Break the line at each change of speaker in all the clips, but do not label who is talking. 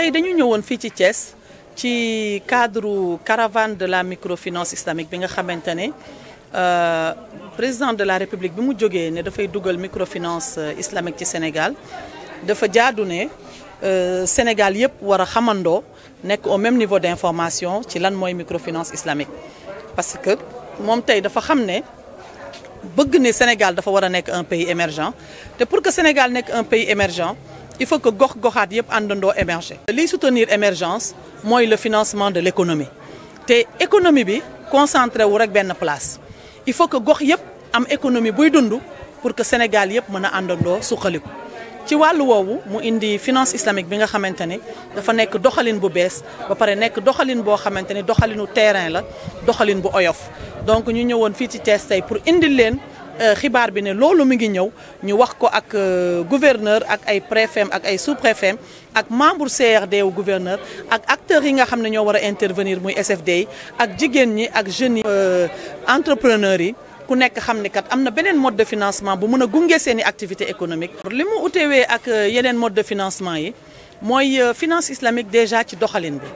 tey dañu ñëwoon fii ci Thiès ci cadre caravane de la microfinance islamique bi nga xamante euh, président de la république bi mu jógee ne dafay la microfinance euh, islamique ci Sénégal dafa jaadu ne euh, Sénégal yëpp war a xamandoo au même niveau d'information ci la mooy microfinance islamique parce que moom tey dafa xam ne Sénégal est un pays émergent pour que Sénégal soit un pays émergent il faut que gox goxaat yëpp andando émerger li soutenir émergence moy le financement de l'économie té économie bi concentré wu rek benn place il faut que gox yëpp am économie buy dund pour que Sénégal yep mën andando àndandoo ci wàllu wowo mu indi finance islamique bi nga xamante dafa nek doxalin bu bees ba pare nek doxalin bo xamante ne doxalinu terrain la doxalin bu oyof donc ñu ñëwoon fi ci Thiès tey pour indi leen euh, xibaar bi ne loolu mi ngi ñëw ñu wax ko ak euh, gouverneur ak ay préfet ak ay sous-préfet ak membre CRD wu gouverneur ak acteurs yi nga xam ne ñoo war a intervenir muy SFD yi ak jigéen ñi ak jeunes yi euh, entrepreneurs yi ku nekk xam kat am na beneen mode de financement bu mën a gunge seen i activité économique li mu utewee ak yeneen mode de financement yi mooy finance islamique déjà ci doxalin bi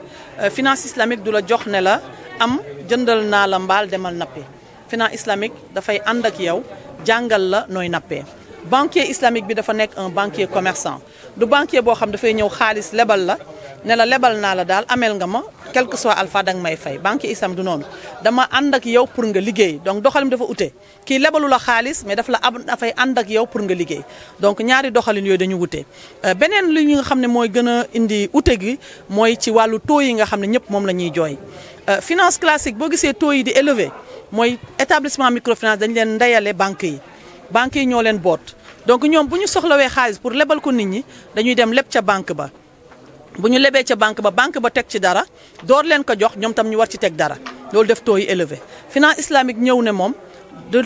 finance islamique du la jox ne la am jëndal naa la mbaal demal nappi finance islamique dafay ànd ak yow jangal la noy nappee banquier islamique bi dafa nek un banquier commerçant du banquier bo xam dafay ñew xaliss lebal la ne la lebal na la dal amel nga ma quel que soit alpha danga may fay Banque islam du noonu dama ànd ak yow pour nga liggéey donc doxalin dafa outé ki lebalu la xaliss mais daf la ab fay ànd ak yow pour nga liggéey donc ñaari doxalin yoy dañu wute euh, beneen li nga xamné moy gëna indi outé gi moy ci walu taux yi nga xamné ñëpp moom la euh, finance classique bo gisee taux yi di élevé mooy établissement microfinance dañ leen ndeyale banques yi banques yi ñoo leen boot donc ñoom bu ñu soxlawee xaalis pour lebal ko nit ñi dañuy dem lépp ca banque ba bu ñu lebee ca banque ba banque ba teg ci dara door leen ko jox ñoom tam ñu war ci teg dara loolu def taux yi élevé finance islamique ñëw ne moom du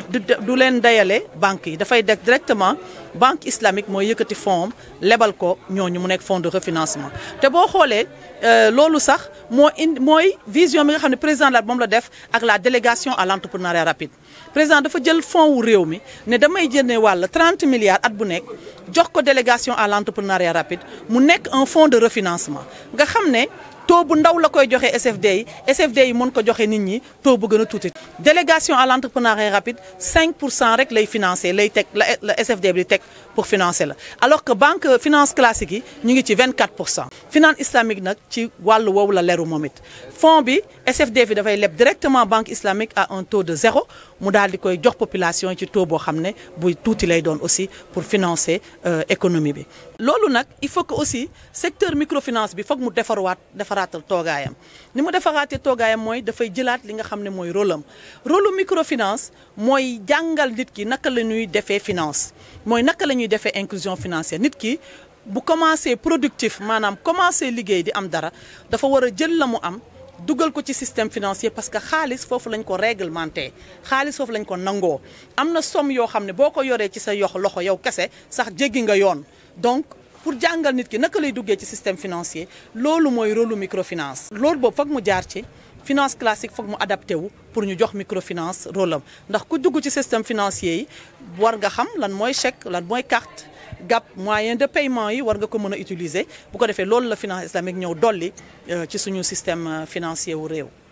du leen dayale banque yi fay directement banque islamique moy yëkkati fonds lebal ko ñooñu mu nek fonds de refinancement te bo xolé euh, lolu sax moy moy vision bi nga président la mom la def ak la délégation à l'entrepreneuriat rapide rapide président dafa jël fonds wu réew mi ne damay jëné wàll 30 milliards at bu nek jox ko délégation à l'entrepreneuriat rapide mu nek un fonds de refinancement nga taux bu ndaw la koy joxe SFD yi SFD yi mën ko joxe nit ñi taux bu gën a tuuti. délégation à l' rapide 5 pour cent rek lay financé lay teg la SFD bi di pour financer alors que banque finance classique yi ñu ngi ci 24 finance islamique nag ci wàllu woowu la leru moom it fonds bi SFD bi dafay leb directement banque islamique à un taux de zéro mu daal di koy jox population yi ci taux boo xam ne buy tuuti lay doon aussi pour financer euh, économie bi. loolu nag il faut que aussi secteur microfinance bi foog mu defarwaat defaraat. defaraatal toogaayam ni mu defaraatee toogaayam mooy dafay jëlaat li nga xam ne mooy rôle am mooy jàngal nit ki naka la ñuy defee finance mooy naka la ñuy defee inclusion financière nit ki bu commencé productif maanaam commencé liggéey di am dara dafa war a jël la mu am dugal ko ci système financier parce que xaalis foofu lañ ko réglementé xaalis foofu lañ ko nangoo am na somme yoo xam ne boo ko yoree ci sa yox loxo yow kese sax jéggi nga yoon pour jangal nit ki naka lay duggee ci système financier lolu moy rôle microfinance. loolu boobu foog mu jaar ci finance classique foog mu adapté wu pour ñu jox microfinance rôle am ndax ku dugg ci système financier yi war nga xam lan moy chèque lan moy carte. gap moyen de paiement yi war nga ko mëna utiliser bu ko défé loolu la finance islamique ñëw doli euh, ci suñu système euh, financier wu réew